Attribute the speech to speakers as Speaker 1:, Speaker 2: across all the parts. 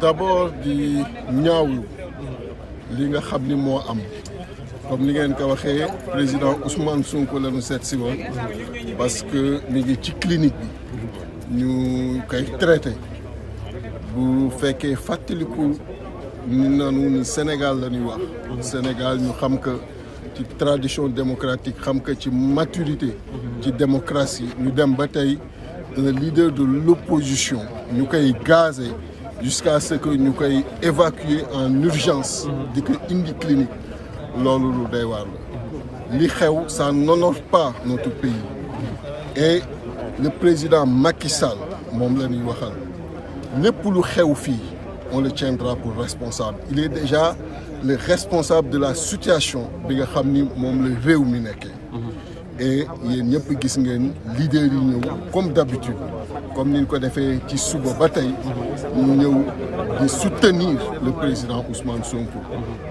Speaker 1: d'abord di ñaawlu li nga xam ni moo am comme ni ngeen ko waxee président Ousmane Sonko la ñu seet si woon parce que mi ngi ci clinique bi ñu koy traité bu fekkee fàttaliku ni nanu ni Sénégal la wax Sénégal ñu xam que ci tradition démocratique xam ka ci maturité ci démocratie ñu dem ba tey le leader de l'opposition ñu koy gazé jusqu'à ce que ñu koy évacuer en urgence di ko indi clinique loolu lu day waar la li xew ça pas notre pays et le président Macky Sall moom la ñuy waxal lépp lu xew fii on le tiendra pour responsable il est déjà le responsable de la situation bi nga xam ni moom la réew mi nekkee et yéen ñëpp gis ngeen leader comme d'habitude comme ni ñu ko defee ci suba ba tey ñu ñëw di soutenir le président Ousmane Sonko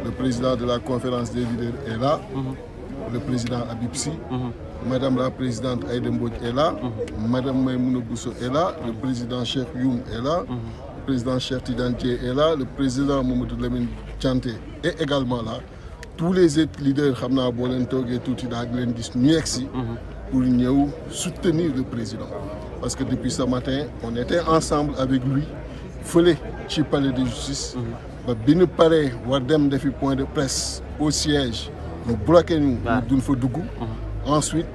Speaker 1: le président de la conférence des leaders est là le président Habib Sy madame la présidente Aïda Mbodj est là madame Maïmouna Bousso est là le président Cheikh Youm est là le président Cheikh Tidiane Dièye est là le président Mamadou Lamine Dianté est également là tous les autres leaders xam naa boo leen toogee tuuti daa leen gis ñu yegg si pour ñëw soutenir le président parce que depuis ce matin on était ensemble avec lui fële ci palais de justice mhm. ba bi ñu paree war dem defi point de presse au siège ñu bloqué ñu duñ fa dugg mhm. ensuite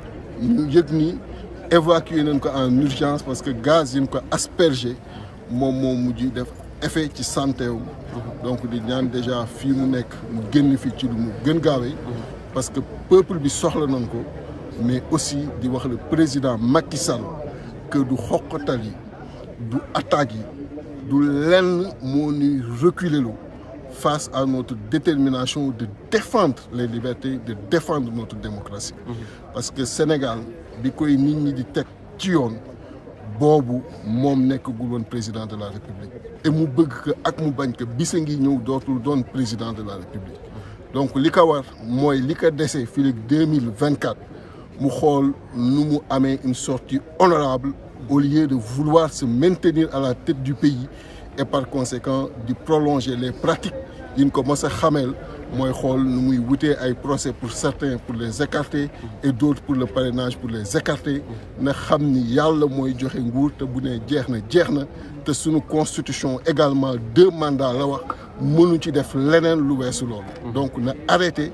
Speaker 1: ñu yëg ni évacué nañ ko en urgence parce que gaz yi ñu ko aspergé moom moo mujj def effet ci santé mhm. donc di ñaan déjà fii mu nekk mu génn fii ci lu mu gën gaawee parce que peuple bi soxla nañ ko mais aussi di wax le président Macky Sall que du xoqatal yi du attaque yi du lenn moo ñuy reculer lu face à notre détermination de défendre les libertés de défendre notre démocratie mhm. parce que Sénégal bi koy nit ñi di teg ci yoon boobu moom nekkagul woon président de la république et mu bëgg que ak mu bañ bis bisa ngi ñëw dootul doon président de la république mhm. donc li ko war mooy li ko desee fii léegi mille vingt-quatre mu xool nu mu amee une sortie honorable au lieu de vouloir se maintenir à la tête du pays et par conséquent di prolonger les pratiques yi ñu ko mos a xameel mooy xool nu muy wutee ay procès pour certains pour les écarter et d'autres pour le parrainage pour les écarter na xam ni yàlla mooy joxe nguur te bu ne jeex na jeex na te sunu constitution également deux mandats la wax mënu ci def leneen lu weesu loolu donc na arrêté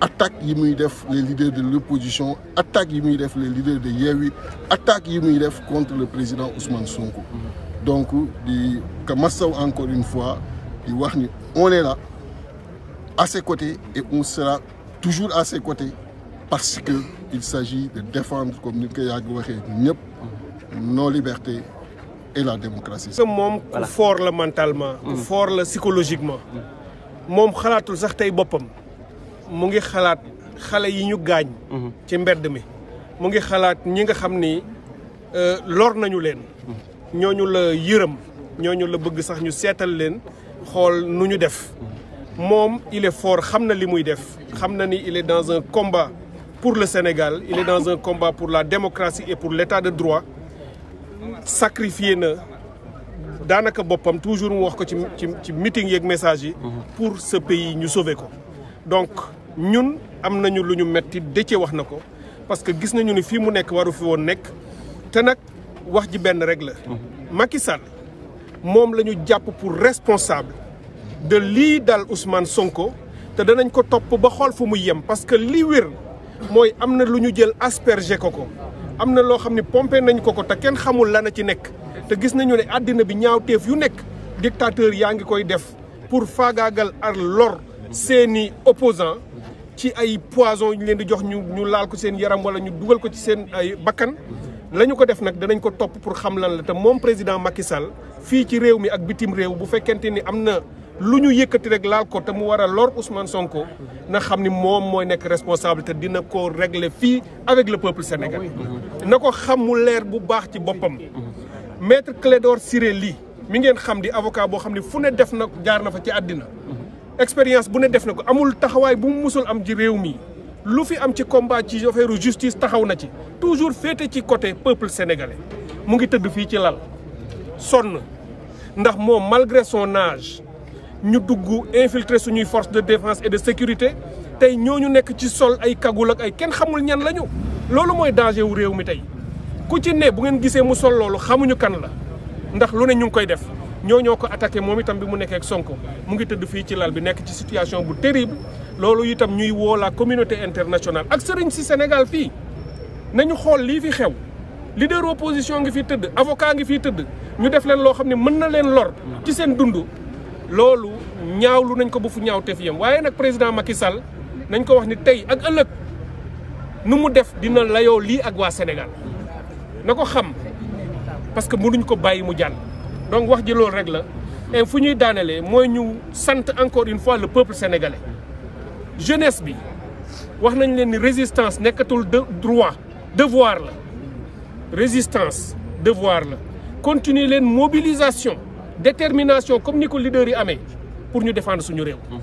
Speaker 1: attaque yi muy def les leaders de l'opposition attaque yi muy def les leaders de Yewwi attaque yi muy def contre le président Ousmane Sonko donc di ka massaw encore une fois di wax ni on la là à ses côtés et on sera toujours à ses côtés parce que il s'agit de défendre comme ni ko yàgg waxee ñëpp nos liberté et la démocratie moom ku fort la mantalement
Speaker 2: ku mm. fort la psychologiquement moom xalaatul sax tey boppam mu ngi xalaat xale yi ñu gaañ mhm. ci mbedd mi mu ngi xalaat ñi nga xam ni euh, lor nañu leen mhm. ñooñu la yërëm ñoo ñooñu la bëgg sax ñu seetal leen xool nu ñu def mhm. moom il est fort xam na li muy def xam na ni il est dans un combat pour le Sénégal il est dans un combat pour la démocratie et pour l'état de droit sacrifié na daanaka boppam toujours mu wax ko ci ci ci yeeg message yi pour ce pays ñu sauver ko ñun am nañu lu ñu metti dëcce wax na ko parce que gis nañu ni fii mu nekk waru fi woon nekk te nag wax ji benn rek la mhm. Macky moom la ñu jàpp pour responsable de lii dal Ousmane Sonko te danañ ko topp ba xool fu mu yem parce que li wér mooy am na lu ñu jël asperger ko ko am na loo xam ne pompé nañ ko ko te kenn xamul la na ci nekk te gis nañu ne àddina bi ñaaw ñaawteef yu nekk dictateur yaa ngi koy def pour faagaagal ar lor seeni opposant ci ay poison ñu leen di jox ñu ñu laal ko seen yaram wala ñu dugal ko ci seen ay bakkan lañu ko def nag danañ ko topp pour xam lan la te moom président Macky Sall fii ci réew mi ak bitim réew bu fekkente ni am na lu ñu yëkkati rek laal ko te mu war a lor Ousmane Sonko na xam ni moom mooy nekk responsable te dina ko régler fii avec le peuple sénégalais. na ko xam mu leer bu baax ci boppam. maître Clédor Ciré Ly mi ngeen xam di avocat boo xam ni fu ne def na jaar na fa ci àddina. expérience bu ne def na ko amul taxawaay bu mu musul am ci réew mi lu fi am ci combat ci affaire justice taxaw na ci toujours féete ci côté peuple sénégalais mu ngi tëdd fii ci lal sonn ndax moom malgré son âge ñu dugg infiltrer suñuy force de défense et de sécurité tey ñoo ñu nekk ci sol ay kagul ak ay kenn xamul ñan lañu loolu mooy danger wu réew mi tey ku ci ne bu ngeen gisee mu sol loolu xamuñu kan la ndax lu ne ñu ngi koy def ñoo ñoo ko attaqué moom itam bi mu nekkee ak Sonko mu ngi tëdd fii ci lal bi nekk ci situation bu terrible loolu itam ñuy woo la communauté internationale ak sëriñ si senegal fii nañu xool lii fi xew leader opposition ngi fi tëdd avocat ngi fi tëdd ñu def leen loo xam ne mën na leen lor ci seen dund loolu ñaawlu nañ ko bu fu ñaaw te fi waaye nag président Macky Sall nañ ko wax ni tey ak ëllëg nu mu def dina layoo lii ak waa Sénégal na ko xam parce que mënuñ ko bàyyi mu jàll donc wax ji loolu rek la et fu ñuy daanelee mooy ñu sant encore une fois le peuple sénégalais jeunesse bi wax nañ leen ni résistance nekkatul de droit devoir la résistance devoir la continuer leen mobilisation détermination comme ni ko leader yi amee pour ñu défendre suñu réew